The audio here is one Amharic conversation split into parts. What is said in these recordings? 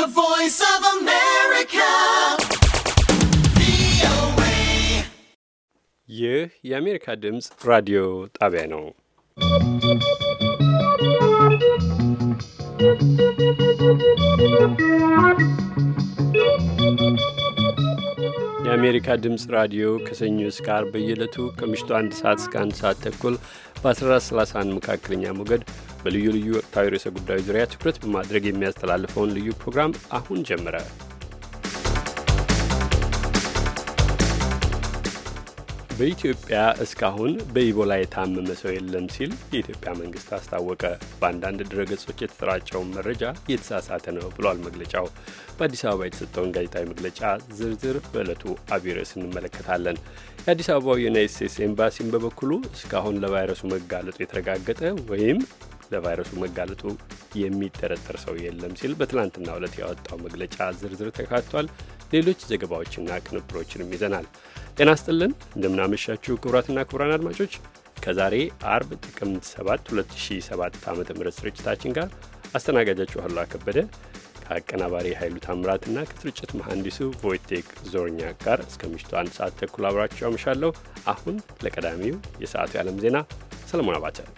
The Voice of America. ይህ የአሜሪካ ድምፅ ራዲዮ ጣቢያ ነው። የአሜሪካ ድምፅ ራዲዮ ከሰኞ እስከ ዓርብ በየዕለቱ ከምሽቱ አንድ ሰዓት እስከ አንድ ሰዓት ተኩል በ1431 መካከለኛ ሞገድ በልዩ ልዩ ወቅታዊ ርዕሰ ጉዳዮች ዙሪያ ትኩረት በማድረግ የሚያስተላልፈውን ልዩ ፕሮግራም አሁን ጀመረ። በኢትዮጵያ እስካሁን በኢቦላ የታመመ ሰው የለም ሲል የኢትዮጵያ መንግስት አስታወቀ። በአንዳንድ ድረገጾች የተሰራጨውን መረጃ እየተሳሳተ ነው ብሏል መግለጫው። በአዲስ አበባ የተሰጠውን ጋዜጣዊ መግለጫ ዝርዝር በዕለቱ አብይ እንመለከታለን። የአዲስ አበባው ዩናይት ስቴትስ ኤምባሲን በበኩሉ እስካሁን ለቫይረሱ መጋለጡ የተረጋገጠ ወይም ለቫይረሱ መጋለጡ የሚጠረጠር ሰው የለም ሲል በትላንትና ዕለት ያወጣው መግለጫ ዝርዝር ተካቷል። ሌሎች ዘገባዎችና ቅንብሮችንም ይዘናል። ጤና ስጥልን፣ እንደምናመሻችሁ ክቡራትና ክቡራን አድማጮች ከዛሬ አርብ ጥቅምት 7 2007 ዓ ም ስርጭታችን ጋር አስተናጋጃችሁ አሉላ ከበደ ከአቀናባሪ ኃይሉ ታምራትና ከስርጭት መሐንዲሱ ቮይቴክ ዞርኛ ጋር እስከ ምሽቱ አንድ ሰዓት ተኩል አብራችሁ አምሻለሁ። አሁን ለቀዳሚው የሰዓቱ የዓለም ዜና ሰለሞን አባተ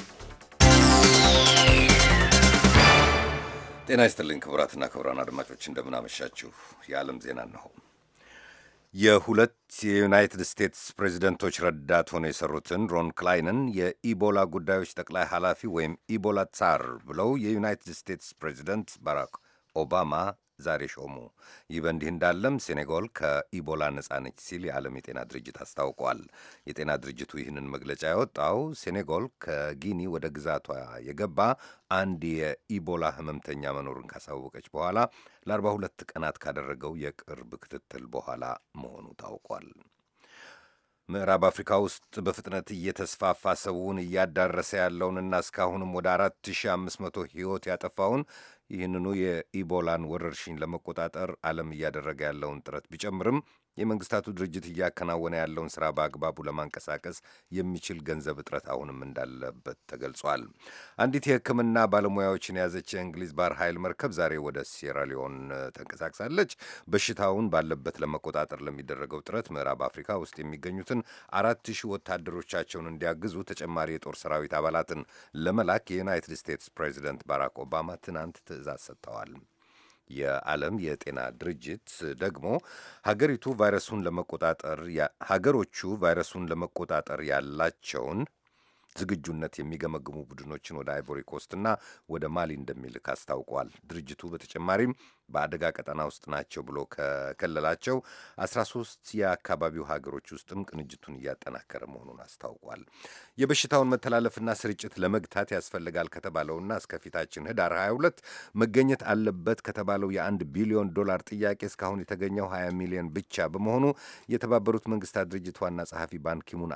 ጤና ይስጥልኝ ክቡራትና ክቡራን አድማጮች እንደምናመሻችሁ። የዓለም ዜና ነው። የሁለት የዩናይትድ ስቴትስ ፕሬዚደንቶች ረዳት ሆነው የሰሩትን ሮን ክላይንን የኢቦላ ጉዳዮች ጠቅላይ ኃላፊ ወይም ኢቦላ ጻር ብለው የዩናይትድ ስቴትስ ፕሬዚደንት ባራክ ኦባማ ዛሬ ሾሙ። ይህ በእንዲህ እንዳለም ሴኔጋል ከኢቦላ ነጻ ነች ሲል የዓለም የጤና ድርጅት አስታውቋል። የጤና ድርጅቱ ይህንን መግለጫ ያወጣው ሴኔጋል ከጊኒ ወደ ግዛቷ የገባ አንድ የኢቦላ ህመምተኛ መኖሩን ካሳወቀች በኋላ ለ42 ቀናት ካደረገው የቅርብ ክትትል በኋላ መሆኑ ታውቋል። ምዕራብ አፍሪካ ውስጥ በፍጥነት እየተስፋፋ ሰውን እያዳረሰ ያለውንና እስካሁንም ወደ 4500 ሕይወት ያጠፋውን ይህንኑ የኢቦላን ወረርሽኝ ለመቆጣጠር ዓለም እያደረገ ያለውን ጥረት ቢጨምርም የመንግስታቱ ድርጅት እያከናወነ ያለውን ስራ በአግባቡ ለማንቀሳቀስ የሚችል ገንዘብ እጥረት አሁንም እንዳለበት ተገልጿል። አንዲት የሕክምና ባለሙያዎችን የያዘች የእንግሊዝ ባህር ኃይል መርከብ ዛሬ ወደ ሴራሊዮን ተንቀሳቅሳለች። በሽታውን ባለበት ለመቆጣጠር ለሚደረገው ጥረት ምዕራብ አፍሪካ ውስጥ የሚገኙትን አራት ሺህ ወታደሮቻቸውን እንዲያግዙ ተጨማሪ የጦር ሰራዊት አባላትን ለመላክ የዩናይትድ ስቴትስ ፕሬዚደንት ባራክ ኦባማ ትናንት ትዕዛዝ ሰጥተዋል። የዓለም የጤና ድርጅት ደግሞ ሀገሪቱ ቫይረሱን ለመቆጣጠር ሀገሮቹ ቫይረሱን ለመቆጣጠር ያላቸውን ዝግጁነት የሚገመግሙ ቡድኖችን ወደ አይቮሪ ኮስትና ወደ ማሊ እንደሚልክ አስታውቋል። ድርጅቱ በተጨማሪም በአደጋ ቀጠና ውስጥ ናቸው ብሎ ከከለላቸው 13 የአካባቢው ሀገሮች ውስጥም ቅንጅቱን እያጠናከረ መሆኑን አስታውቋል። የበሽታውን መተላለፍና ስርጭት ለመግታት ያስፈልጋል ከተባለውና እስከፊታችን ህዳር 22 መገኘት አለበት ከተባለው የአንድ ቢሊዮን ዶላር ጥያቄ እስካሁን የተገኘው 20 ሚሊዮን ብቻ በመሆኑ የተባበሩት መንግስታት ድርጅት ዋና ጸሐፊ ባንኪሙን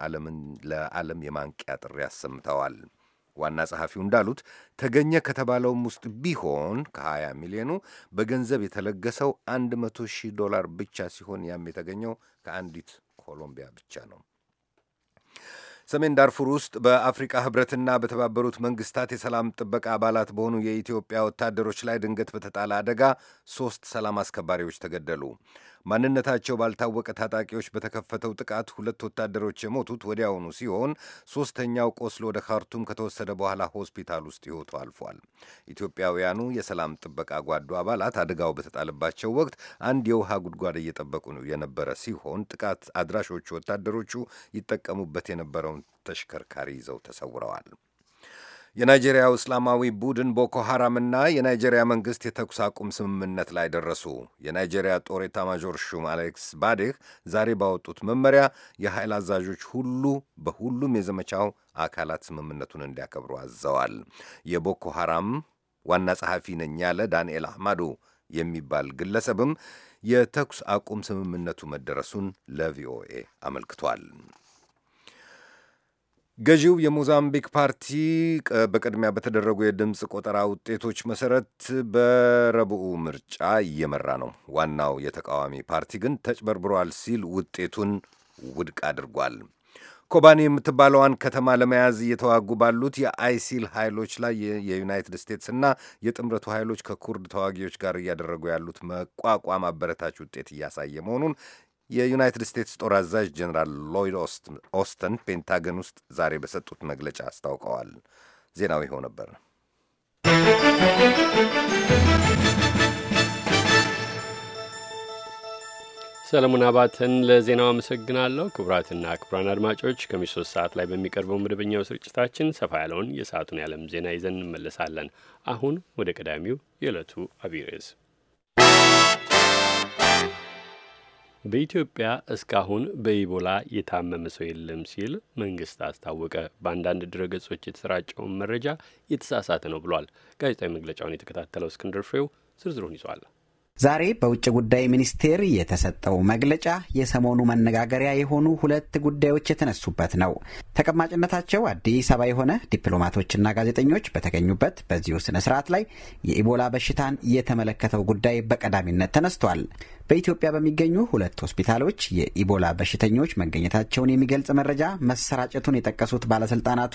ለዓለም የማንቂያ ጥሪ አሰምተዋል። ዋና ጸሐፊው እንዳሉት ተገኘ ከተባለውም ውስጥ ቢሆን ከ20 ሚሊዮኑ በገንዘብ የተለገሰው 100 ሺህ ዶላር ብቻ ሲሆን ያም የተገኘው ከአንዲት ኮሎምቢያ ብቻ ነው። ሰሜን ዳርፉር ውስጥ በአፍሪቃ ህብረትና በተባበሩት መንግስታት የሰላም ጥበቃ አባላት በሆኑ የኢትዮጵያ ወታደሮች ላይ ድንገት በተጣለ አደጋ ሦስት ሰላም አስከባሪዎች ተገደሉ። ማንነታቸው ባልታወቀ ታጣቂዎች በተከፈተው ጥቃት ሁለት ወታደሮች የሞቱት ወዲያውኑ ሲሆን ሦስተኛው ቆስሎ ወደ ካርቱም ከተወሰደ በኋላ ሆስፒታል ውስጥ ሕይወቱ አልፏል። ኢትዮጵያውያኑ የሰላም ጥበቃ ጓዱ አባላት አደጋው በተጣለባቸው ወቅት አንድ የውሃ ጉድጓድ እየጠበቁ የነበረ ሲሆን ጥቃት አድራሾቹ ወታደሮቹ ይጠቀሙበት የነበረውን ተሽከርካሪ ይዘው ተሰውረዋል። የናይጄሪያው እስላማዊ ቡድን ቦኮ ሐራምና የናይጄሪያ መንግሥት የተኩስ አቁም ስምምነት ላይ ደረሱ። የናይጄሪያ ጦር ኤታማዦር ሹም አሌክስ ባዴህ ዛሬ ባወጡት መመሪያ የኃይል አዛዦች ሁሉ በሁሉም የዘመቻው አካላት ስምምነቱን እንዲያከብሩ አዘዋል። የቦኮ ሐራም ዋና ጸሐፊ ነኝ ያለ ዳንኤል አህማዶ የሚባል ግለሰብም የተኩስ አቁም ስምምነቱ መደረሱን ለቪኦኤ አመልክቷል። ገዢው የሞዛምቢክ ፓርቲ በቅድሚያ በተደረጉ የድምፅ ቆጠራ ውጤቶች መሰረት በረቡዑ ምርጫ እየመራ ነው። ዋናው የተቃዋሚ ፓርቲ ግን ተጭበርብሯል ሲል ውጤቱን ውድቅ አድርጓል። ኮባኒ የምትባለዋን ከተማ ለመያዝ እየተዋጉ ባሉት የአይሲል ኃይሎች ላይ የዩናይትድ ስቴትስ እና የጥምረቱ ኃይሎች ከኩርድ ተዋጊዎች ጋር እያደረጉ ያሉት መቋቋም አበረታች ውጤት እያሳየ መሆኑን የዩናይትድ ስቴትስ ጦር አዛዥ ጀኔራል ሎይድ ኦስተን ፔንታገን ውስጥ ዛሬ በሰጡት መግለጫ አስታውቀዋል። ዜናው ይኸው ነበር። ሰለሞን አባተን ለዜናው አመሰግናለሁ። ክቡራትና ክቡራን አድማጮች ከምሽቱ ሶስት ሰዓት ላይ በሚቀርበው መደበኛው ስርጭታችን ሰፋ ያለውን የሰዓቱን የዓለም ዜና ይዘን እንመለሳለን። አሁን ወደ ቀዳሚው የዕለቱ አብይ ርዕስ በኢትዮጵያ እስካሁን በኢቦላ የታመመ ሰው የለም ሲል መንግስት አስታወቀ። በአንዳንድ ድረገጾች የተሰራጨውን መረጃ የተሳሳተ ነው ብሏል። ጋዜጣዊ መግለጫውን የተከታተለው እስክንድር ፍሬው ዝርዝሩን ይዟል። ዛሬ በውጭ ጉዳይ ሚኒስቴር የተሰጠው መግለጫ የሰሞኑ መነጋገሪያ የሆኑ ሁለት ጉዳዮች የተነሱበት ነው። ተቀማጭነታቸው አዲስ አበባ የሆነ ዲፕሎማቶችና ጋዜጠኞች በተገኙበት በዚሁ ስነ ስርዓት ላይ የኢቦላ በሽታን የተመለከተው ጉዳይ በቀዳሚነት ተነስቷል። በኢትዮጵያ በሚገኙ ሁለት ሆስፒታሎች የኢቦላ በሽተኞች መገኘታቸውን የሚገልጽ መረጃ መሰራጨቱን የጠቀሱት ባለስልጣናቱ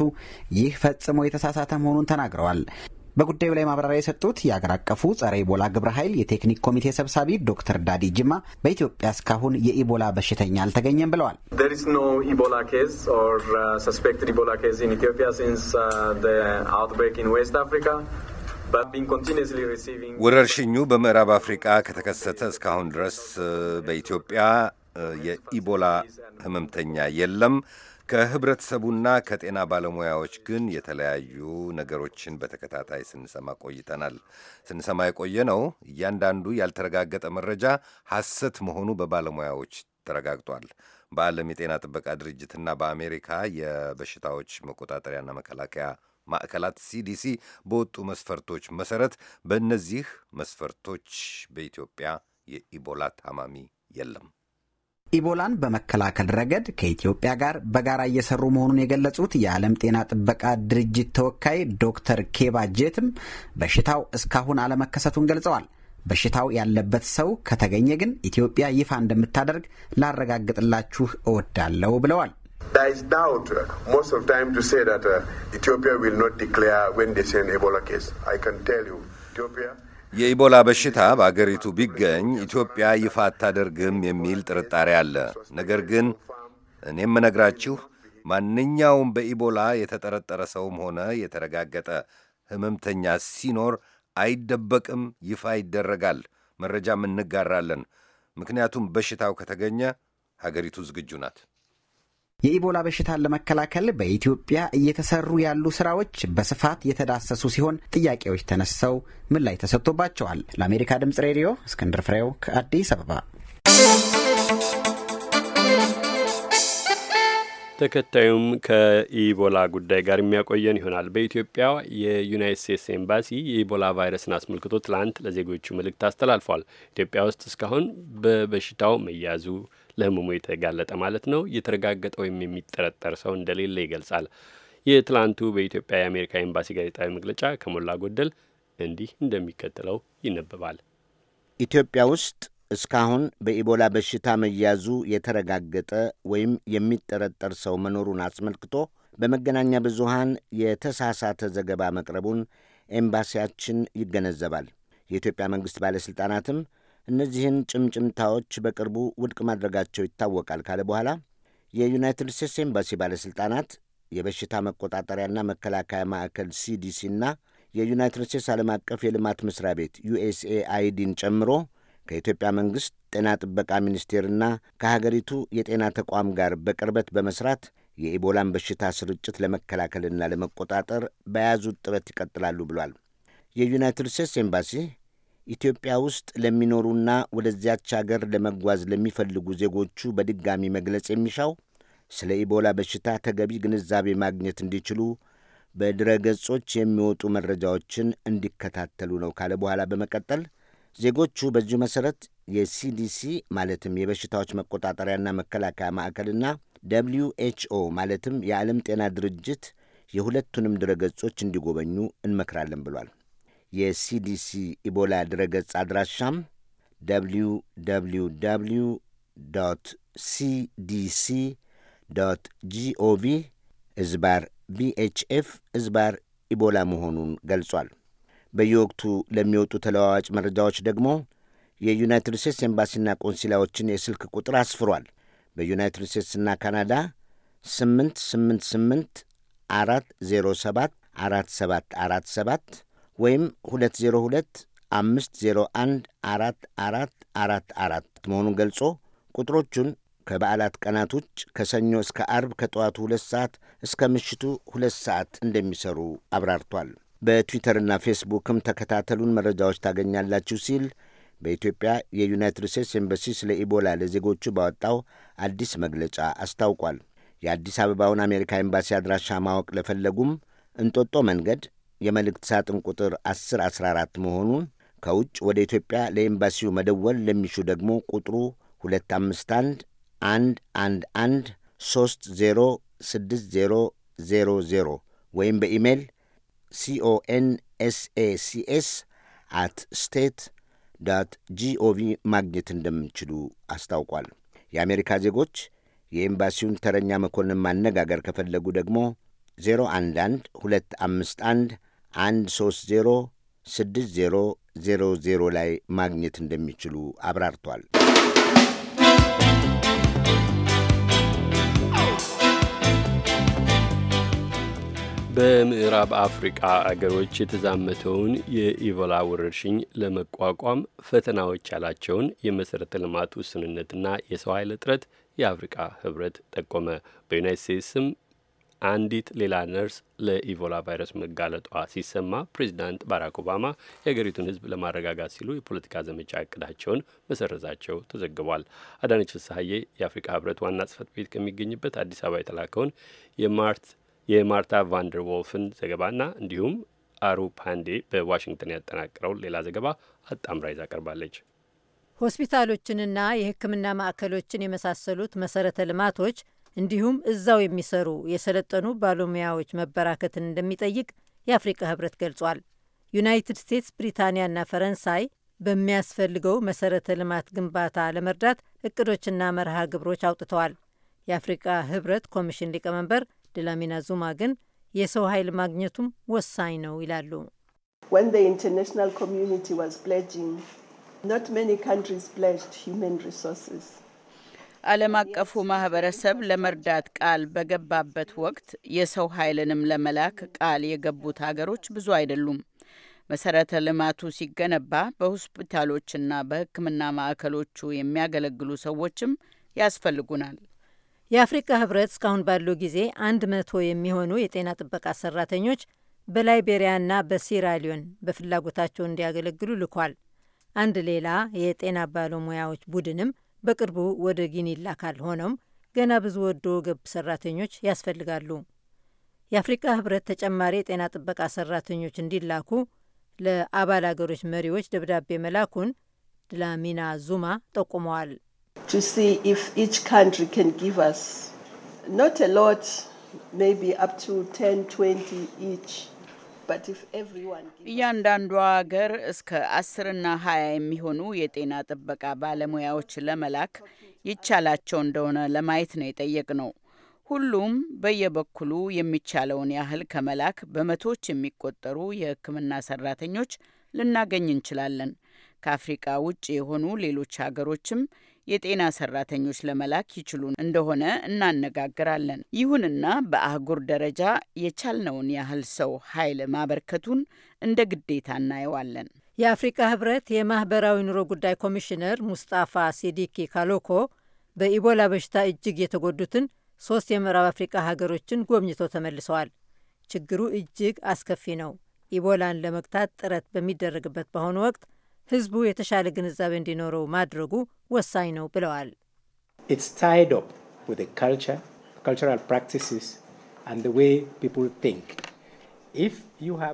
ይህ ፈጽሞ የተሳሳተ መሆኑን ተናግረዋል። በጉዳዩ ላይ ማብራሪያ የሰጡት የአገር አቀፉ ጸረ ኢቦላ ግብረ ኃይል የቴክኒክ ኮሚቴ ሰብሳቢ ዶክተር ዳዲ ጅማ በኢትዮጵያ እስካሁን የኢቦላ በሽተኛ አልተገኘም ብለዋል። uh, uh, ወረርሽኙ በምዕራብ አፍሪቃ ከተከሰተ እስካሁን ድረስ uh, በኢትዮጵያ የኢቦላ ህመምተኛ የለም። ከህብረተሰቡና ከጤና ባለሙያዎች ግን የተለያዩ ነገሮችን በተከታታይ ስንሰማ ቆይተናል። ስንሰማ የቆየ ነው እያንዳንዱ ያልተረጋገጠ መረጃ ሐሰት መሆኑ በባለሙያዎች ተረጋግጧል። በዓለም የጤና ጥበቃ ድርጅትና በአሜሪካ የበሽታዎች መቆጣጠሪያና መከላከያ ማዕከላት ሲዲሲ በወጡ መስፈርቶች መሰረት በእነዚህ መስፈርቶች በኢትዮጵያ የኢቦላ ታማሚ የለም። ኢቦላን በመከላከል ረገድ ከኢትዮጵያ ጋር በጋራ እየሰሩ መሆኑን የገለጹት የዓለም ጤና ጥበቃ ድርጅት ተወካይ ዶክተር ኬባ ጄትም በሽታው እስካሁን አለመከሰቱን ገልጸዋል። በሽታው ያለበት ሰው ከተገኘ ግን ኢትዮጵያ ይፋ እንደምታደርግ ላረጋግጥላችሁ እወዳለሁ ብለዋል። ኢትዮጵያ የኢቦላ በሽታ በአገሪቱ ቢገኝ ኢትዮጵያ ይፋ አታደርግም የሚል ጥርጣሬ አለ። ነገር ግን እኔም ምነግራችሁ ማንኛውም በኢቦላ የተጠረጠረ ሰውም ሆነ የተረጋገጠ ህመምተኛ ሲኖር አይደበቅም፣ ይፋ ይደረጋል። መረጃም እንጋራለን። ምክንያቱም በሽታው ከተገኘ ሀገሪቱ ዝግጁ ናት። የኢቦላ በሽታን ለመከላከል በኢትዮጵያ እየተሰሩ ያሉ ስራዎች በስፋት የተዳሰሱ ሲሆን ጥያቄዎች ተነስተው ምን ላይ ተሰጥቶባቸዋል። ለአሜሪካ ድምጽ ሬዲዮ እስክንድር ፍሬው ከአዲስ አበባ። ተከታዩም ከኢቦላ ጉዳይ ጋር የሚያቆየን ይሆናል። በኢትዮጵያ የዩናይት ስቴትስ ኤምባሲ የኢቦላ ቫይረስን አስመልክቶ ትላንት ለዜጎቹ መልእክት አስተላልፏል። ኢትዮጵያ ውስጥ እስካሁን በበሽታው መያዙ ለህመሙ የተጋለጠ ማለት ነው የተረጋገጠ ወይም የሚጠረጠር ሰው እንደሌለ ይገልጻል። የትላንቱ በኢትዮጵያ የአሜሪካ ኤምባሲ ጋዜጣዊ መግለጫ ከሞላ ጎደል እንዲህ እንደሚከተለው ይነበባል። ኢትዮጵያ ውስጥ እስካሁን በኢቦላ በሽታ መያዙ የተረጋገጠ ወይም የሚጠረጠር ሰው መኖሩን አስመልክቶ በመገናኛ ብዙሃን የተሳሳተ ዘገባ መቅረቡን ኤምባሲያችን ይገነዘባል። የኢትዮጵያ መንግሥት ባለሥልጣናትም እነዚህን ጭምጭምታዎች በቅርቡ ውድቅ ማድረጋቸው ይታወቃል ካለ በኋላ የዩናይትድ ስቴትስ ኤምባሲ ባለሥልጣናት የበሽታ መቆጣጠሪያና መከላከያ ማዕከል ሲዲሲና የዩናይትድ ስቴትስ ዓለም አቀፍ የልማት መሥሪያ ቤት ዩኤስኤ አይዲን ጨምሮ ከኢትዮጵያ መንግሥት ጤና ጥበቃ ሚኒስቴርና ከሀገሪቱ የጤና ተቋም ጋር በቅርበት በመስራት የኢቦላን በሽታ ስርጭት ለመከላከልና ለመቆጣጠር በያዙት ጥረት ይቀጥላሉ ብሏል። የዩናይትድ ስቴትስ ኤምባሲ ኢትዮጵያ ውስጥ ለሚኖሩና ወደዚያች አገር ለመጓዝ ለሚፈልጉ ዜጎቹ በድጋሚ መግለጽ የሚሻው ስለ ኢቦላ በሽታ ተገቢ ግንዛቤ ማግኘት እንዲችሉ በድረ ገጾች የሚወጡ መረጃዎችን እንዲከታተሉ ነው ካለ በኋላ በመቀጠል ዜጎቹ በዚሁ መሠረት የሲዲሲ ማለትም የበሽታዎች መቆጣጠሪያና መከላከያ ማዕከልና ደብልዩ ኤችኦ ማለትም የዓለም ጤና ድርጅት የሁለቱንም ድረ ገጾች እንዲጎበኙ እንመክራለን ብሏል። የሲዲሲ ኢቦላ ድረገጽ አድራሻም ደብሊው cdc ደብሊው ዶት ሲዲሲ ዶት እዝባር ቢኤችኤፍ እዝባር ኢቦላ መሆኑን ገልጿል። በየወቅቱ ለሚወጡ ተለዋዋጭ መረጃዎች ደግሞ የዩናይትድ ስቴትስ ኤምባሲና ቆንሲላዎችን የስልክ ቁጥር አስፍሯል። በዩናይትድ ስቴትስና ካናዳ 888 407 4747 ወይም 202 501 4444 መሆኑን ገልጾ ቁጥሮቹን ከበዓላት ቀናት ውጭ ከሰኞ እስከ አርብ ከጠዋቱ ሁለት ሰዓት እስከ ምሽቱ ሁለት ሰዓት እንደሚሰሩ አብራርቷል። በትዊተርና ፌስቡክም ተከታተሉን መረጃዎች ታገኛላችሁ ሲል በኢትዮጵያ የዩናይትድ ስቴትስ ኤምባሲ ስለ ኢቦላ ለዜጎቹ ባወጣው አዲስ መግለጫ አስታውቋል። የአዲስ አበባውን አሜሪካ ኤምባሲ አድራሻ ማወቅ ለፈለጉም እንጦጦ መንገድ የመልእክት ሳጥን ቁጥር 1014 መሆኑን ከውጭ ወደ ኢትዮጵያ ለኤምባሲው መደወል ለሚሹ ደግሞ ቁጥሩ 251 111 306000 ወይም በኢሜይል ሲኦኤን ኤስኤሲኤስ አት ስቴት ዳት ጂኦቪ ማግኘት እንደምችሉ አስታውቋል። የአሜሪካ ዜጎች የኤምባሲውን ተረኛ መኮንን ማነጋገር ከፈለጉ ደግሞ 011 251 130 6000 ላይ ማግኘት እንደሚችሉ አብራርቷል። በምዕራብ አፍሪቃ አገሮች የተዛመተውን የኢቦላ ወረርሽኝ ለመቋቋም ፈተናዎች ያላቸውን የመሠረተ ልማት ውስንነትና የሰው ኃይል እጥረት የአፍሪቃ ህብረት ጠቆመ። በዩናይት ስቴትስም አንዲት ሌላ ነርስ ለኢቮላ ቫይረስ መጋለጧ ሲሰማ ፕሬዚዳንት ባራክ ኦባማ የሀገሪቱን ሕዝብ ለማረጋጋት ሲሉ የፖለቲካ ዘመቻ እቅዳቸውን መሰረዛቸው ተዘግቧል። አዳነች ፍስሐዬ የአፍሪካ ሕብረት ዋና ጽህፈት ቤት ከሚገኝበት አዲስ አበባ የተላከውን የማርታ ቫንደር ዎልፍን ዘገባና እንዲሁም አሩ ፓንዴ በዋሽንግተን ያጠናቀረውን ሌላ ዘገባ አጣምራ ይዛ ቀርባለች። ሆስፒታሎችንና የሕክምና ማዕከሎችን የመሳሰሉት መሰረተ ልማቶች እንዲሁም እዛው የሚሰሩ የሰለጠኑ ባለሙያዎች መበራከትን እንደሚጠይቅ የአፍሪካ ህብረት ገልጿል። ዩናይትድ ስቴትስ፣ ብሪታንያና ፈረንሳይ በሚያስፈልገው መሰረተ ልማት ግንባታ ለመርዳት እቅዶችና መርሃ ግብሮች አውጥተዋል። የአፍሪካ ህብረት ኮሚሽን ሊቀመንበር ድላሚና ዙማ ግን የሰው ኃይል ማግኘቱም ወሳኝ ነው ይላሉ። ኢንተርናሽናል ኮሚኒቲ ዋዝ ፕሌጂንግ ኖት ማኒ ካንትሪስ ፕሌጅድ ሂውማን ሪሶርስስ ዓለም አቀፉ ማህበረሰብ ለመርዳት ቃል በገባበት ወቅት የሰው ኃይልንም ለመላክ ቃል የገቡት ሀገሮች ብዙ አይደሉም። መሰረተ ልማቱ ሲገነባ በሆስፒታሎችና በሕክምና ማዕከሎቹ የሚያገለግሉ ሰዎችም ያስፈልጉናል። የአፍሪካ ህብረት እስካሁን ባለው ጊዜ አንድ መቶ የሚሆኑ የጤና ጥበቃ ሰራተኞች በላይቤሪያና በሲራሊዮን በፍላጎታቸው እንዲያገለግሉ ልኳል። አንድ ሌላ የጤና ባለሙያዎች ቡድንም በቅርቡ ወደ ጊኒ ይላካል። ሆኖም ገና ብዙ ወዶ ገብ ሰራተኞች ያስፈልጋሉ። የአፍሪቃ ህብረት ተጨማሪ የጤና ጥበቃ ሰራተኞች እንዲላኩ ለአባል አገሮች መሪዎች ደብዳቤ መላኩን ድላሚና ዙማ ጠቁመዋል። ቱ እያንዳንዷ ሀገር እስከ አስርና ሀያ የሚሆኑ የጤና ጥበቃ ባለሙያዎች ለመላክ ይቻላቸው እንደሆነ ለማየት ነው የጠየቅ ነው። ሁሉም በየበኩሉ የሚቻለውን ያህል ከመላክ በመቶዎች የሚቆጠሩ የሕክምና ሰራተኞች ልናገኝ እንችላለን። ከአፍሪቃ ውጭ የሆኑ ሌሎች ሀገሮችም የጤና ሰራተኞች ለመላክ ይችሉ እንደሆነ እናነጋግራለን። ይሁንና በአህጉር ደረጃ የቻልነውን ያህል ሰው ኃይል ማበርከቱን እንደ ግዴታ እናየዋለን። የአፍሪካ ህብረት የማህበራዊ ኑሮ ጉዳይ ኮሚሽነር ሙስጣፋ ሲዲኪ ካሎኮ በኢቦላ በሽታ እጅግ የተጎዱትን ሶስት የምዕራብ አፍሪካ ሀገሮችን ጎብኝተው ተመልሰዋል። ችግሩ እጅግ አስከፊ ነው። ኢቦላን ለመግታት ጥረት በሚደረግበት በአሁኑ ወቅት ህዝቡ የተሻለ ግንዛቤ እንዲኖረው ማድረጉ ወሳኝ ነው ብለዋል።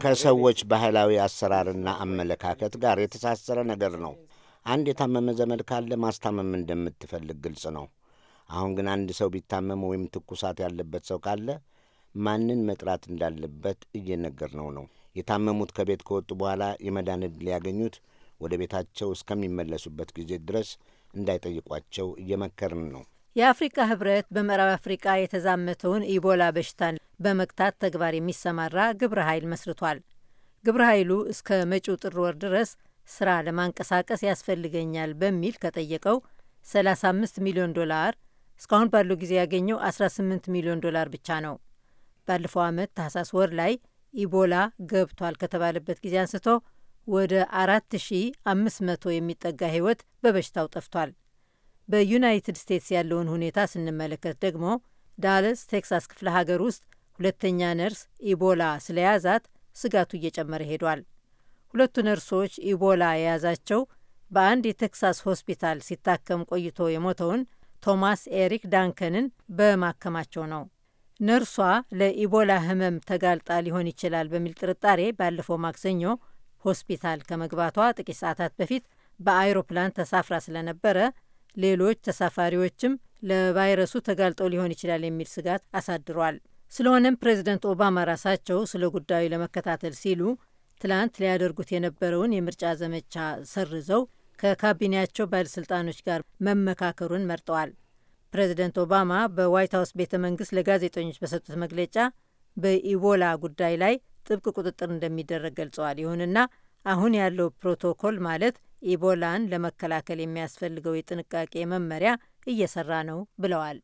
ከሰዎች ባህላዊ አሰራርና አመለካከት ጋር የተሳሰረ ነገር ነው። አንድ የታመመ ዘመድ ካለ ማስታመም እንደምትፈልግ ግልጽ ነው። አሁን ግን አንድ ሰው ቢታመም ወይም ትኩሳት ያለበት ሰው ካለ ማንን መጥራት እንዳለበት እየነገር ነው። የታመሙት ከቤት ከወጡ በኋላ የመዳን ዕድል ወደ ቤታቸው እስከሚመለሱበት ጊዜ ድረስ እንዳይጠይቋቸው እየመከርን ነው። የአፍሪካ ህብረት በምዕራብ አፍሪቃ የተዛመተውን ኢቦላ በሽታን በመግታት ተግባር የሚሰማራ ግብረ ኃይል መስርቷል። ግብረ ኃይሉ እስከ መጪው ጥር ወር ድረስ ስራ ለማንቀሳቀስ ያስፈልገኛል በሚል ከጠየቀው 35 ሚሊዮን ዶላር እስካሁን ባለው ጊዜ ያገኘው 18 ሚሊዮን ዶላር ብቻ ነው። ባለፈው ዓመት ታህሳስ ወር ላይ ኢቦላ ገብቷል ከተባለበት ጊዜ አንስቶ ወደ 4500 የሚጠጋ ሕይወት በበሽታው ጠፍቷል። በዩናይትድ ስቴትስ ያለውን ሁኔታ ስንመለከት ደግሞ ዳለስ ቴክሳስ ክፍለ ሀገር ውስጥ ሁለተኛ ነርስ ኢቦላ ስለያዛት ስጋቱ እየጨመረ ሄዷል። ሁለቱ ነርሶች ኢቦላ የያዛቸው በአንድ የቴክሳስ ሆስፒታል ሲታከም ቆይቶ የሞተውን ቶማስ ኤሪክ ዳንከንን በማከማቸው ነው። ነርሷ ለኢቦላ ህመም ተጋልጣ ሊሆን ይችላል በሚል ጥርጣሬ ባለፈው ማክሰኞ ሆስፒታል ከመግባቷ ጥቂት ሰዓታት በፊት በአይሮፕላን ተሳፍራ ስለነበረ ሌሎች ተሳፋሪዎችም ለቫይረሱ ተጋልጠው ሊሆን ይችላል የሚል ስጋት አሳድሯል። ስለሆነም ፕሬዚደንት ኦባማ ራሳቸው ስለ ጉዳዩ ለመከታተል ሲሉ ትላንት ሊያደርጉት የነበረውን የምርጫ ዘመቻ ሰርዘው ከካቢኔያቸው ባለሥልጣኖች ጋር መመካከሩን መርጠዋል። ፕሬዚደንት ኦባማ በዋይት ሀውስ ቤተ መንግስት ለጋዜጠኞች በሰጡት መግለጫ በኢቦላ ጉዳይ ላይ ጥብቅ ቁጥጥር እንደሚደረግ ገልጸዋል። ይሁንና አሁን ያለው ፕሮቶኮል ማለት ኢቦላን ለመከላከል የሚያስፈልገው የጥንቃቄ መመሪያ እየሰራ ነው ብለዋል።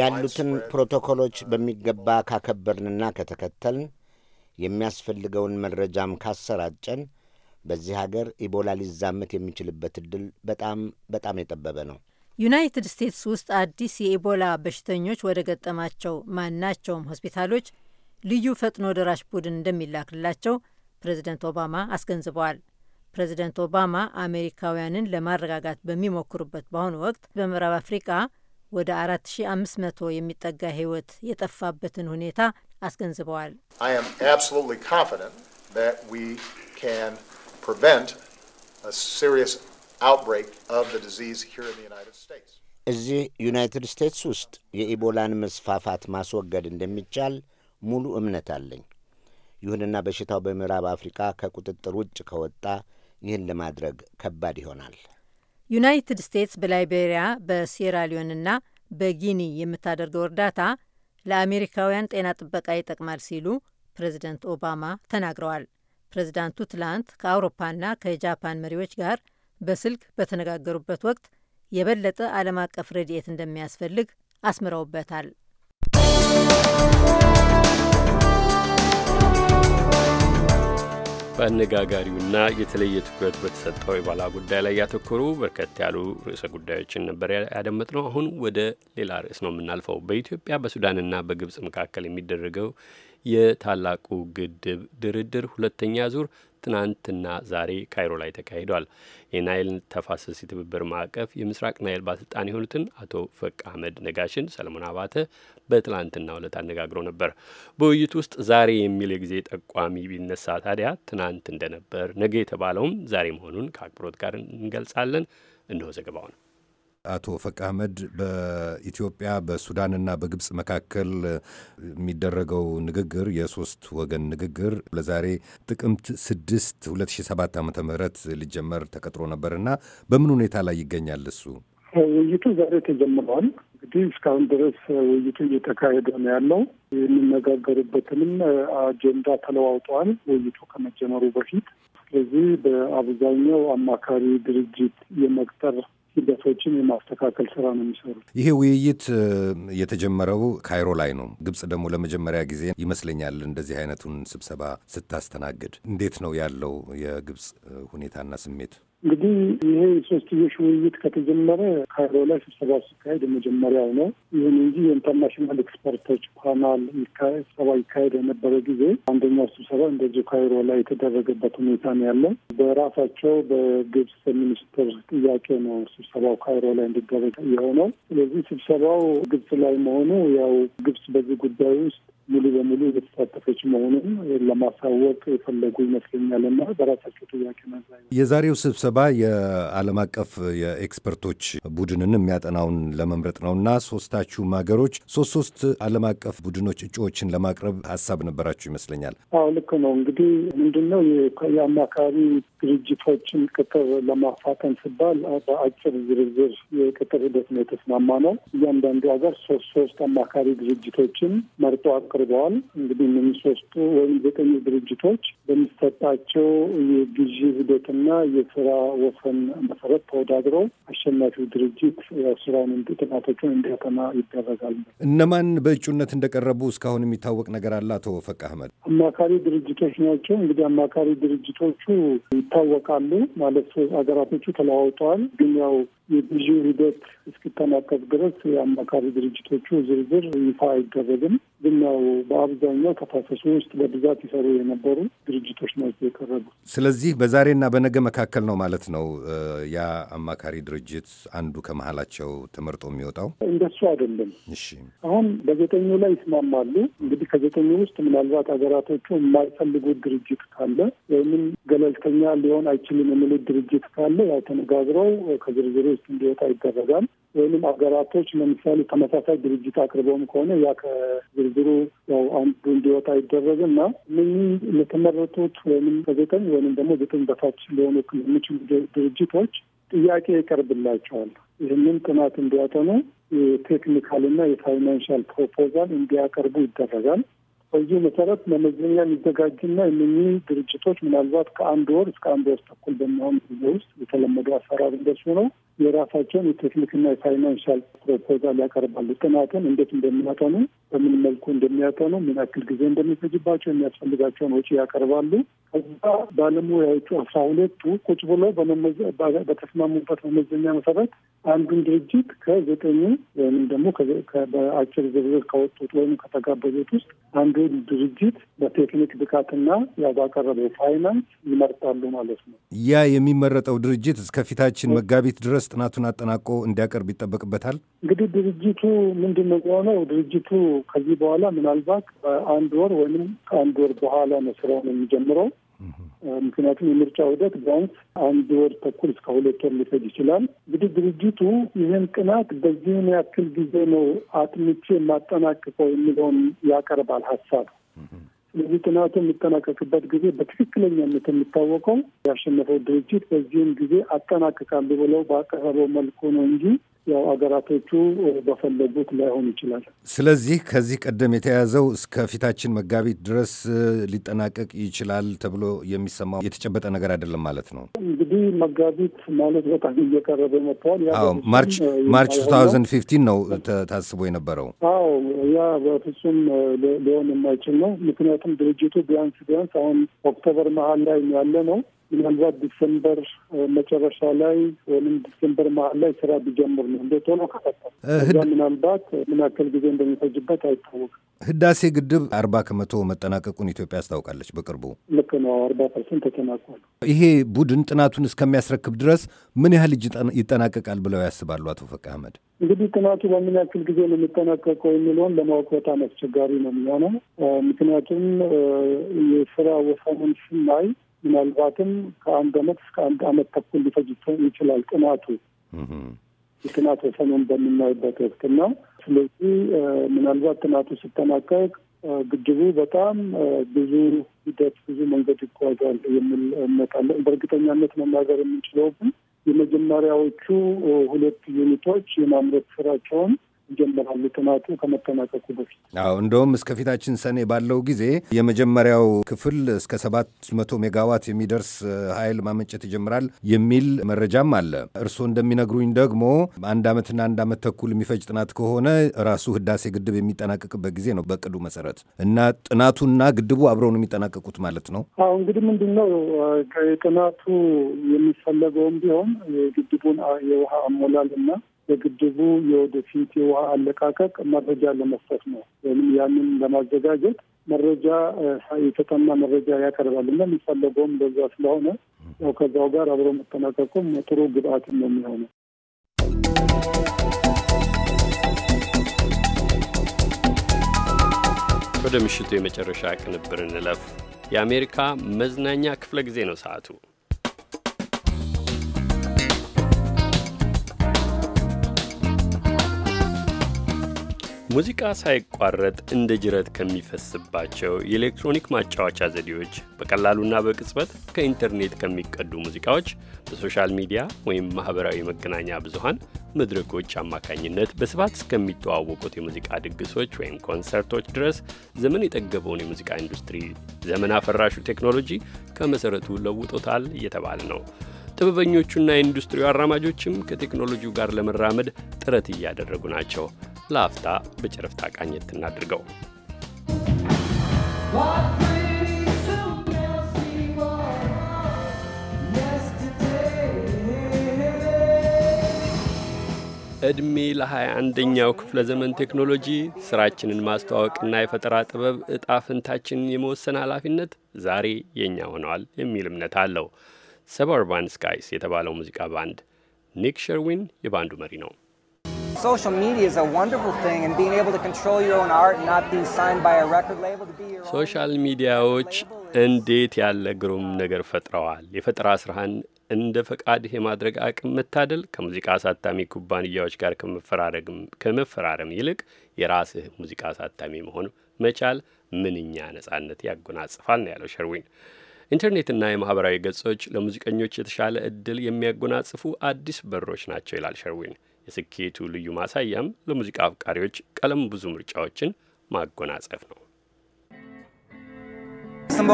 ያሉትን ፕሮቶኮሎች uh, በሚገባ ካከበርንና ከተከተልን የሚያስፈልገውን መረጃም ካሰራጨን በዚህ ሀገር ኢቦላ ሊዛመት የሚችልበት እድል በጣም በጣም የጠበበ ነው። ዩናይትድ ስቴትስ ውስጥ አዲስ የኢቦላ በሽተኞች ወደ ገጠማቸው ማናቸውም ሆስፒታሎች ልዩ ፈጥኖ ደራሽ ቡድን እንደሚላክላቸው ፕሬዝደንት ኦባማ አስገንዝበዋል። ፕሬዝደንት ኦባማ አሜሪካውያንን ለማረጋጋት በሚሞክሩበት በአሁኑ ወቅት በምዕራብ አፍሪቃ ወደ 4500 የሚጠጋ ሕይወት የጠፋበትን ሁኔታ አስገንዝበዋል። ሪስ እዚህ ዩናይትድ ስቴትስ ውስጥ የኢቦላን መስፋፋት ማስወገድ እንደሚቻል ሙሉ እምነት አለኝ። ይሁንና በሽታው በምዕራብ አፍሪካ ከቁጥጥር ውጭ ከወጣ ይህን ለማድረግ ከባድ ይሆናል። ዩናይትድ ስቴትስ በላይቤሪያ በሴራሊዮንና በጊኒ የምታደርገው እርዳታ ለአሜሪካውያን ጤና ጥበቃ ይጠቅማል ሲሉ ፕሬዚደንት ኦባማ ተናግረዋል። ፕሬዚዳንቱ ትላንት ከአውሮፓና ከጃፓን መሪዎች ጋር በስልክ በተነጋገሩበት ወቅት የበለጠ ዓለም አቀፍ ረድኤት እንደሚያስፈልግ አስምረውበታል። በአነጋጋሪውና የተለየ ትኩረት በተሰጠው የባላ ጉዳይ ላይ ያተኮሩ በርከት ያሉ ርዕሰ ጉዳዮችን ነበር ያደመጥነው። አሁን ወደ ሌላ ርዕስ ነው የምናልፈው። በኢትዮጵያ በሱዳንና በግብጽ መካከል የሚደረገው የታላቁ ግድብ ድርድር ሁለተኛ ዙር ትናንትና ዛሬ ካይሮ ላይ ተካሂዷል። የናይል ተፋሰስ የትብብር ማዕቀፍ የምስራቅ ናይል ባለስልጣን የሆኑትን አቶ ፈቅ አህመድ ነጋሽን ሰለሞን አባተ በትላንትና ዕለት አነጋግሮ ነበር። በውይይቱ ውስጥ ዛሬ የሚል የጊዜ ጠቋሚ ቢነሳ ታዲያ ትናንት እንደነበር ነገ የተባለውም ዛሬ መሆኑን ከአክብሮት ጋር እንገልጻለን። እነሆ ዘገባው ነው። አቶ ፈቅ አህመድ በኢትዮጵያ በሱዳንና በግብፅ መካከል የሚደረገው ንግግር የሶስት ወገን ንግግር ለዛሬ ጥቅምት 6 2007 ዓ ም ሊጀመር ተቀጥሮ ነበርና በምን ሁኔታ ላይ ይገኛል? እሱ ውይይቱ ዛሬ ተጀምሯል። እንግዲህ እስካሁን ድረስ ውይይቱ እየተካሄደ ነው ያለው። የሚነጋገርበትንም አጀንዳ ተለዋውጠዋል ውይይቱ ከመጀመሩ በፊት። ስለዚህ በአብዛኛው አማካሪ ድርጅት የመቅጠር ሂደቶችን የማስተካከል ስራ ነው የሚሰሩት። ይሄ ውይይት የተጀመረው ካይሮ ላይ ነው። ግብጽ ደግሞ ለመጀመሪያ ጊዜ ይመስለኛል እንደዚህ አይነቱን ስብሰባ ስታስተናግድ። እንዴት ነው ያለው የግብጽ ሁኔታና ስሜት? እንግዲህ ይሄ ሶስትዮሽ ውይይት ከተጀመረ ካይሮ ላይ ስብሰባ ሲካሄድ የመጀመሪያው ነው። ይሁን እንጂ የኢንተርናሽናል ኤክስፐርቶች ፓናል ስብሰባ ይካሄድ የነበረ ጊዜ አንደኛው ስብሰባ እንደዚሁ ካይሮ ላይ የተደረገበት ሁኔታ ነው ያለው። በራሳቸው በግብጽ ሚኒስትር ጥያቄ ነው ስብሰባው ካይሮ ላይ እንዲደረግ የሆነው። ስለዚህ ስብሰባው ግብጽ ላይ መሆኑ ያው ግብጽ በዚህ ጉዳይ ውስጥ ሙሉ በሙሉ የተሳተፈች መሆኑን ለማሳወቅ የፈለጉ ይመስለኛል እና በራሳቸው ጥያቄ መዛ የዛሬው ስብሰባ የዓለም አቀፍ የኤክስፐርቶች ቡድንን የሚያጠናውን ለመምረጥ ነው እና ሶስታችሁም ሀገሮች ሶስት ሶስት ዓለም አቀፍ ቡድኖች እጩዎችን ለማቅረብ ሀሳብ ነበራችሁ ይመስለኛል። አዎ ልክ ነው። እንግዲህ ምንድን ነው የአማካሪ ድርጅቶችን ቅጥር ለማፋጠን ሲባል በአጭር ዝርዝር የቅጥር ሂደት ነው የተስማማ ነው። እያንዳንዱ ሀገር ሶስት ሶስት አማካሪ ድርጅቶችን መርጧል። አቅርበዋል። እንግዲህ እነዚህ ሶስቱ ወይም ዘጠኙ ድርጅቶች በሚሰጣቸው የግዢ ሂደትና የስራ ወሰን መሰረት ተወዳድሮ አሸናፊው ድርጅት ስራውን ጥናቶቹን እንዲያጠና ይደረጋል። እነማን በእጩነት እንደቀረቡ እስካሁን የሚታወቅ ነገር አለ? አቶ ፈቃ አህመድ አማካሪ ድርጅቶች ናቸው። እንግዲህ አማካሪ ድርጅቶቹ ይታወቃሉ ማለት ሀገራቶቹ ተለዋውጠዋል። ግን ያው የግዢው ሂደት እስኪጠናቀቅ ድረስ የአማካሪ ድርጅቶቹ ዝርዝር ይፋ አይደረግም። ግን ያው በአብዛኛው ከፋሰሱ ውስጥ በብዛት ይሰሩ የነበሩ ድርጅቶች ናቸው የቀረቡ። ስለዚህ በዛሬና በነገ መካከል ነው ማለት ነው ያ አማካሪ ድርጅት አንዱ ከመሀላቸው ተመርጦ የሚወጣው እንደሱ አይደለም። እሺ፣ አሁን በዘጠኙ ላይ ይስማማሉ። እንግዲህ ከዘጠኙ ውስጥ ምናልባት ሀገራቶቹ የማይፈልጉት ድርጅት ካለ ወይም ገለልተኛ ሊሆን አይችልም የሚሉት ድርጅት ካለ ያው ተነጋግረው ከዝርዝር ውስጥ እንዲወጣ ይደረጋል። ወይም አገራቶች ለምሳሌ ተመሳሳይ ድርጅት አቅርበውም ከሆነ ያ ከዝርዝሩ ያው አንዱ እንዲወጣ አይደረግና ምን ለተመረጡት ወይም ከዘጠኝ ወይም ደግሞ ዘጠኝ በታች ሊሆኑ የሚችሉ ድርጅቶች ጥያቄ ይቀርብላቸዋል። ይህንን ጥናት እንዲያጠኑ የቴክኒካልና የፋይናንሻል ፕሮፖዛል እንዲያቀርቡ ይደረጋል። በዚህ መሰረት መመዘኛ የሚዘጋጅና እነኚህ ድርጅቶች ምናልባት ከአንድ ወር እስከ አንድ ወር ተኩል በሚሆን ጊዜ ውስጥ የተለመደው አሰራር እንደሱ ነው የራሳቸውን የቴክኒክና የፋይናንሻል ፕሮፖዛል ያቀርባሉ። ጥናትን እንዴት እንደሚያጠኑ፣ በምን መልኩ እንደሚያጠኑ፣ ምን ያክል ጊዜ እንደሚፈጅባቸው፣ የሚያስፈልጋቸውን ወጪ ያቀርባሉ። ከዛ ባለሙያዎቹ አስራ ሁለቱ ቁጭ ብሎ በተስማሙበት መመዘኛ መሰረት አንዱን ድርጅት ከዘጠኙ ወይም ደግሞ በአጭር ዝርዝር ከወጡት ወይም ከተጋበዙት ውስጥ አንዱን ድርጅት በቴክኒክ ብቃትና ያው ባቀረበው ፋይናንስ ይመርጣሉ ማለት ነው። ያ የሚመረጠው ድርጅት እስከፊታችን መጋቢት ድረስ ድረስ ጥናቱን አጠናቆ እንዲያቀርብ ይጠበቅበታል። እንግዲህ ድርጅቱ ምንድን ነው የሆነው? ድርጅቱ ከዚህ በኋላ ምናልባት በአንድ ወር ወይም ከአንድ ወር በኋላ ነው ስራውን የሚጀምረው። ምክንያቱም የምርጫ ውደት ቢያንስ አንድ ወር ተኩል እስከ ሁለት ወር ሊፈጅ ይችላል። እንግዲህ ድርጅቱ ይህን ጥናት በዚህን ያክል ጊዜ ነው አጥንቼ የማጠናቅቀው የሚለውን ያቀርባል ሀሳብ ስለዚህ ጥናቱ የሚጠናቀቅበት ጊዜ በትክክለኛነት የሚታወቀው ያሸነፈው ድርጅት በዚህም ጊዜ አጠናቅቃሉ ብለው ባቀረበው መልኩ ነው እንጂ ያው አገራቶቹ በፈለጉት ላይሆን ይችላል። ስለዚህ ከዚህ ቀደም የተያዘው እስከ ፊታችን መጋቢት ድረስ ሊጠናቀቅ ይችላል ተብሎ የሚሰማው የተጨበጠ ነገር አይደለም ማለት ነው። እንግዲህ መጋቢት ማለት በጣም እየቀረበ መጥተዋል። ማርች ማርች ቱ ታውዘንድ ፊፍቲን ነው ታስቦ የነበረው። አዎ ያ በፍጹም ሊሆን የማይችል ነው። ምክንያቱም ድርጅቱ ቢያንስ ቢያንስ አሁን ኦክቶበር መሀል ላይ ያለ ነው ምናልባት ዲሴምበር መጨረሻ ላይ ወይም ዲሴምበር መሀል ላይ ስራ ቢጀምር ነው እንደ ቶሎ ከፈጠ ምናልባት ምን ያክል ጊዜ እንደሚፈጅበት አይታወቅም። ህዳሴ ግድብ አርባ ከመቶ መጠናቀቁን ኢትዮጵያ አስታውቃለች በቅርቡ። ልክ ነው፣ አርባ ፐርሰንት ተጠናቋል። ይሄ ቡድን ጥናቱን እስከሚያስረክብ ድረስ ምን ያህል እጅ ይጠናቀቃል ብለው ያስባሉ አቶ ፈቃ አህመድ? እንግዲህ ጥናቱ በምን ያክል ጊዜ ነው የሚጠናቀቀው የሚለውን ለማወቅ በጣም አስቸጋሪ ነው የሚሆነው ምክንያቱም የስራ ወሰኑን ስናይ ምናልባትም ከአንድ አመት እስከ አንድ አመት ተኩል ሊፈጅ ይችላል ጥናቱ የጥናት ወሰኑን በምናይበት ወቅት ነው። ስለዚህ ምናልባት ጥናቱ ሲጠናቀቅ ግድቡ በጣም ብዙ ሂደት ብዙ መንገድ ይጓዛል የሚል እምነት በእርግጠኛነት መናገር የምንችለው ግን የመጀመሪያዎቹ ሁለት ዩኒቶች የማምረት ስራቸውን ይጀምራሉ ጥናቱ ከመጠናቀቁ በፊት። አዎ እንደውም እስከፊታችን ሰኔ ባለው ጊዜ የመጀመሪያው ክፍል እስከ ሰባት መቶ ሜጋዋት የሚደርስ ኃይል ማመንጨት ይጀምራል የሚል መረጃም አለ። እርስዎ እንደሚነግሩኝ ደግሞ አንድ ዓመትና አንድ ዓመት ተኩል የሚፈጅ ጥናት ከሆነ ራሱ ህዳሴ ግድብ የሚጠናቀቅበት ጊዜ ነው በቅዱ መሰረት እና ጥናቱና ግድቡ አብረው ነው የሚጠናቀቁት ማለት ነው። አዎ እንግዲህ ምንድን ነው ከጥናቱ የሚፈለገውም ቢሆን የግድቡን የውሃ አሞላልና የግድቡ የወደፊት የውሃ አለቃቀቅ መረጃ ለመስጠት ነው። ወይም ያንን ለማዘጋጀት መረጃ የተጠና መረጃ ያቀርባል እና የሚፈለገውም በዛ ስለሆነ ያው ከዛው ጋር አብሮ መጠናቀቁም ጥሩ ግብአት ነው የሚሆነው። ወደ ምሽቱ የመጨረሻ ቅንብር እንለፍ። የአሜሪካ መዝናኛ ክፍለ ጊዜ ነው ሰዓቱ። ሙዚቃ ሳይቋረጥ እንደ ጅረት ከሚፈስባቸው የኤሌክትሮኒክ ማጫወቻ ዘዴዎች በቀላሉና በቅጽበት ከኢንተርኔት ከሚቀዱ ሙዚቃዎች በሶሻል ሚዲያ ወይም ማኅበራዊ መገናኛ ብዙሃን መድረኮች አማካኝነት በስፋት እስከሚተዋወቁት የሙዚቃ ድግሶች ወይም ኮንሰርቶች ድረስ ዘመን የጠገበውን የሙዚቃ ኢንዱስትሪ ዘመን አፈራሹ ቴክኖሎጂ ከመሠረቱ ለውጦታል እየተባለ ነው። ጥበበኞቹና የኢንዱስትሪው አራማጆችም ከቴክኖሎጂው ጋር ለመራመድ ጥረት እያደረጉ ናቸው። ለአፍታ በጨረፍታ ቃኘት እናድርገው። ዕድሜ ለሃያ አንደኛው ክፍለ ዘመን ቴክኖሎጂ ስራችንን ማስተዋወቅና የፈጠራ ጥበብ እጣ ፈንታችንን የመወሰን ኃላፊነት ዛሬ የእኛ ሆነዋል የሚል እምነት አለው። ሰበርባን ስካይስ የተባለው ሙዚቃ ባንድ ኒክ ሸርዊን የባንዱ መሪ ነው። ሶሻል ሚዲያዎች እንዴት ያለ ግሩም ነገር ፈጥረዋል! የፈጠራ ስራህን እንደ ፈቃድህ የማድረግ አቅም መታደል ከሙዚቃ አሳታሚ ኩባንያዎች ጋር ከመፈራረም ይልቅ የራስህ ሙዚቃ አሳታሚ መሆን መቻል ምንኛ ነጻነት ያጎናጽፋል ነው ያለው ሸርዊን። ኢንተርኔትና የማህበራዊ ገጾች ለሙዚቀኞች የተሻለ እድል የሚያጎናጽፉ አዲስ በሮች ናቸው ይላል ሸርዊን። የስኬቱ ልዩ ማሳያም ለሙዚቃ አፍቃሪዎች ቀለም ብዙ ምርጫዎችን ማጎናጸፍ ነው። The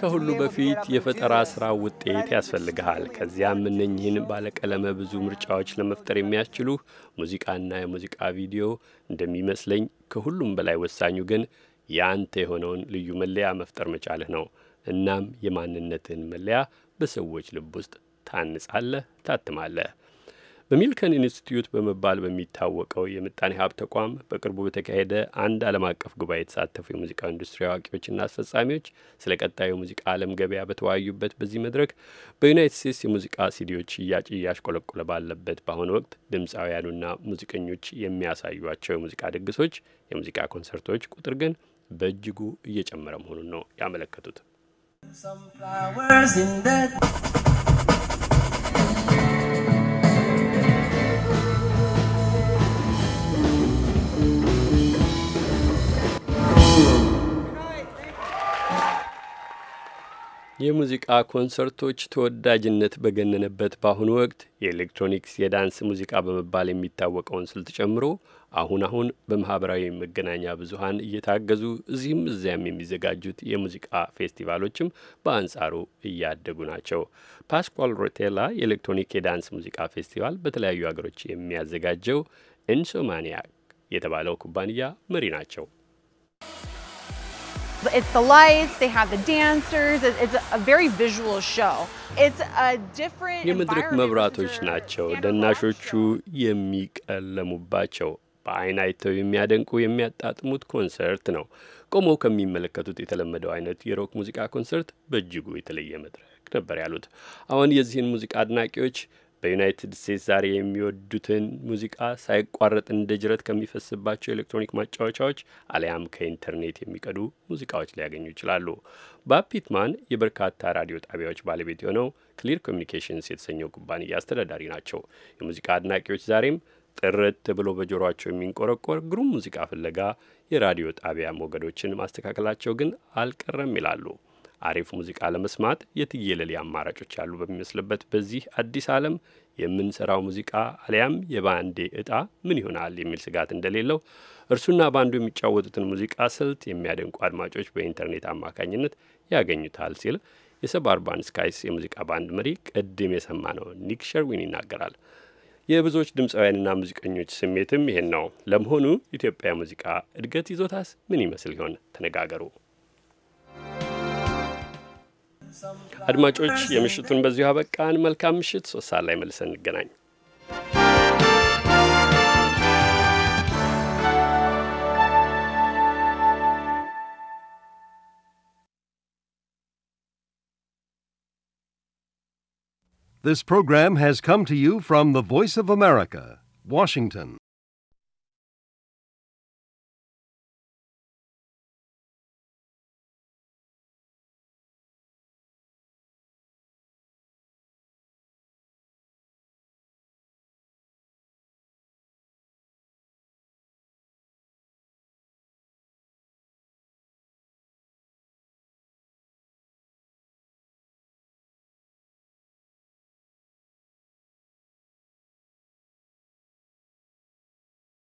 ከሁሉ በፊት የፈጠራ ስራ ውጤት ያስፈልግሃል። ከዚያም እነኝህን ባለቀለመ ብዙ ምርጫዎች ለመፍጠር የሚያስችሉ ሙዚቃና የሙዚቃ ቪዲዮ እንደሚመስለኝ፣ ከሁሉም በላይ ወሳኙ ግን የአንተ የሆነውን ልዩ መለያ መፍጠር መቻልህ ነው። እናም የማንነትህን መለያ በሰዎች ልብ ውስጥ ታንጻለህ፣ ታትማለህ። በሚልከን ኢንስቲትዩት በመባል በሚታወቀው የምጣኔ ሀብት ተቋም በቅርቡ በተካሄደ አንድ ዓለም አቀፍ ጉባኤ የተሳተፉ የሙዚቃ ኢንዱስትሪ አዋቂዎችና አስፈጻሚዎች ስለ ቀጣዩ ሙዚቃ ዓለም ገበያ በተወያዩበት በዚህ መድረክ በዩናይትድ ስቴትስ የሙዚቃ ሲዲዎች ሽያጭ እያሽቆለቆለ ባለበት በአሁኑ ወቅት ድምፃውያኑና ሙዚቀኞች የሚያሳዩቸው የሙዚቃ ድግሶች፣ የሙዚቃ ኮንሰርቶች ቁጥር ግን በእጅጉ እየጨመረ መሆኑን ነው ያመለከቱት። የሙዚቃ ኮንሰርቶች ተወዳጅነት በገነነበት በአሁኑ ወቅት የኤሌክትሮኒክስ የዳንስ ሙዚቃ በመባል የሚታወቀውን ስልት ጨምሮ አሁን አሁን በማህበራዊ መገናኛ ብዙሀን እየታገዙ እዚህም እዚያም የሚዘጋጁት የሙዚቃ ፌስቲቫሎችም በአንጻሩ እያደጉ ናቸው። ፓስኳል ሮቴላ የኤሌክትሮኒክ የዳንስ ሙዚቃ ፌስቲቫል በተለያዩ ሀገሮች የሚያዘጋጀው ኢንሶማኒያክ የተባለው ኩባንያ መሪ ናቸው። It's the lights, they have the dancers, it's a very visual show. It's a different የመድረክ መብራቶች ናቸው ደናሾቹ የሚቀለሙባቸው። በአይን አይተው የሚያደንቁ የሚያጣጥሙት ኮንሰርት ነው። ቆመው ከሚመለከቱት የተለመደው አይነት የሮክ ሙዚቃ ኮንሰርት በእጅጉ የተለየ መድረክ ነበር ያሉት። አሁን የዚህን ሙዚቃ አድናቂዎች በዩናይትድ ስቴትስ ዛሬ የሚወዱትን ሙዚቃ ሳይቋረጥ እንደ ጅረት ከሚፈስባቸው ኤሌክትሮኒክ ማጫወቻዎች አሊያም ከኢንተርኔት የሚቀዱ ሙዚቃዎች ሊያገኙ ይችላሉ። ባብ ፒትማን የበርካታ ራዲዮ ጣቢያዎች ባለቤት የሆነው ክሊር ኮሚኒኬሽንስ የተሰኘው ኩባንያ አስተዳዳሪ ናቸው። የሙዚቃ አድናቂዎች ዛሬም ጥርት ብሎ በጆሯቸው የሚንቆረቆር ግሩም ሙዚቃ ፍለጋ የራዲዮ ጣቢያ ሞገዶችን ማስተካከላቸው ግን አልቀረም ይላሉ። አሪፍ ሙዚቃ ለመስማት የትየለሌ አማራጮች ያሉ በሚመስልበት በዚህ አዲስ ዓለም የምንሰራው ሙዚቃ አሊያም የባንዴ እጣ ምን ይሆናል የሚል ስጋት እንደሌለው እርሱና ባንዱ የሚጫወቱትን ሙዚቃ ስልት የሚያደንቁ አድማጮች በኢንተርኔት አማካኝነት ያገኙታል ሲል የሰብ አርባን ስካይስ የሙዚቃ ባንድ መሪ ቅድም የሰማ ነው ኒክ ሸርዊን ይናገራል። የብዙዎች ድምፃውያንና ሙዚቀኞች ስሜትም ይሄን ነው። ለመሆኑ ኢትዮጵያ ሙዚቃ እድገት ይዞታስ ምን ይመስል ይሆን? ተነጋገሩ። አድማጮች፣ የምሽቱን በዚሁ አበቃን። መልካም ምሽት። ሶስት ሰዓት ላይ መልሰን እንገናኝ። This program has come to you from the Voice of America, Washington.